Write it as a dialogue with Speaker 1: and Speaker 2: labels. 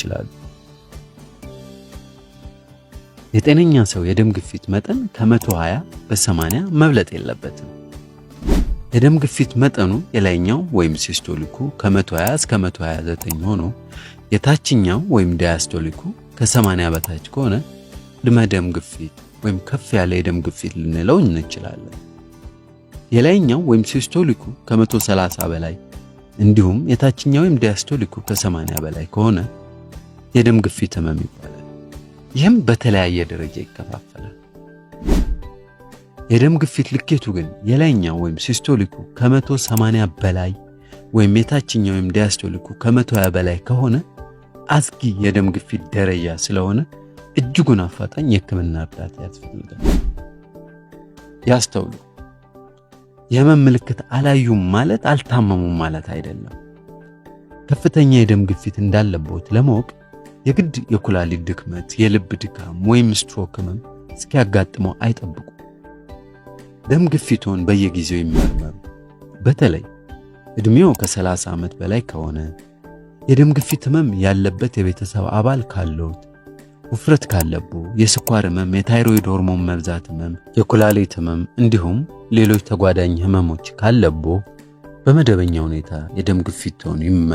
Speaker 1: ይችላሉ። የጤነኛ ሰው የደም ግፊት መጠን ከ120 በ80 መብለጥ የለበትም። የደም ግፊት መጠኑ የላይኛው ወይም ሲስቶሊኩ ከ120 እስከ 129 ሆኖ የታችኛው ወይም ዳያስቶሊኩ ከ80 በታች ከሆነ ቅድመ ደም ግፊት ወይም ከፍ ያለ የደም ግፊት ልንለው እንችላለን። የላይኛው ወይም ሲስቶሊኩ ከ130 በላይ እንዲሁም የታችኛው ወይም ዲያስቶሊኩ ከ80 በላይ ከሆነ የደም ግፊት ህመም ይባላል። ይህም በተለያየ ደረጃ ይከፋፈላል። የደም ግፊት ልኬቱ ግን የላይኛው ወይም ሲስቶሊኩ ከመቶ 180 በላይ ወይም የታችኛው ወይም ዲያስቶሊኩ ከ120 በላይ ከሆነ አስጊ የደም ግፊት ደረጃ ስለሆነ እጅጉን አፋጣኝ የህክምና እርዳታ ያስፈልጋል። ያስተውሉ። የህመም ምልክት አላዩም ማለት አልታመሙም ማለት አይደለም። ከፍተኛ የደም ግፊት እንዳለቦት ለማወቅ የግድ የኩላሊት ድክመት፣ የልብ ድካም ወይም ስትሮክ ህመም እስኪያጋጥመው አይጠብቁ። ደም ግፊቶን በየጊዜው ይመርመሩ። በተለይ ዕድሜው ከ30 ዓመት በላይ ከሆነ፣ የደም ግፊት ህመም ያለበት የቤተሰብ አባል ካለዎት፣ ውፍረት ካለቦ፣ የስኳር ህመም፣ የታይሮይድ ሆርሞን መብዛት ህመም፣ የኩላሊት ህመም እንዲሁም ሌሎች ተጓዳኝ ህመሞች ካለቦ በመደበኛ ሁኔታ የደም ግፊቶን ይመ